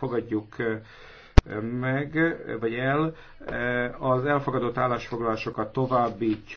fogadjuk meg, vagy el, az elfogadott állásfoglalásokat továbbítjuk.